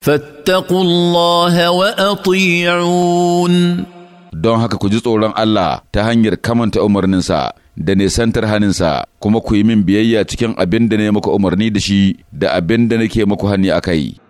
فاتقوا الله وأطيعون don haka ku ji tsoron Allah ta hanyar kamanta umarninsa da nisantar haninsa kuma ku yi min biyayya cikin abin da ne muku umarni da shi da abin da nake muku hani a kai.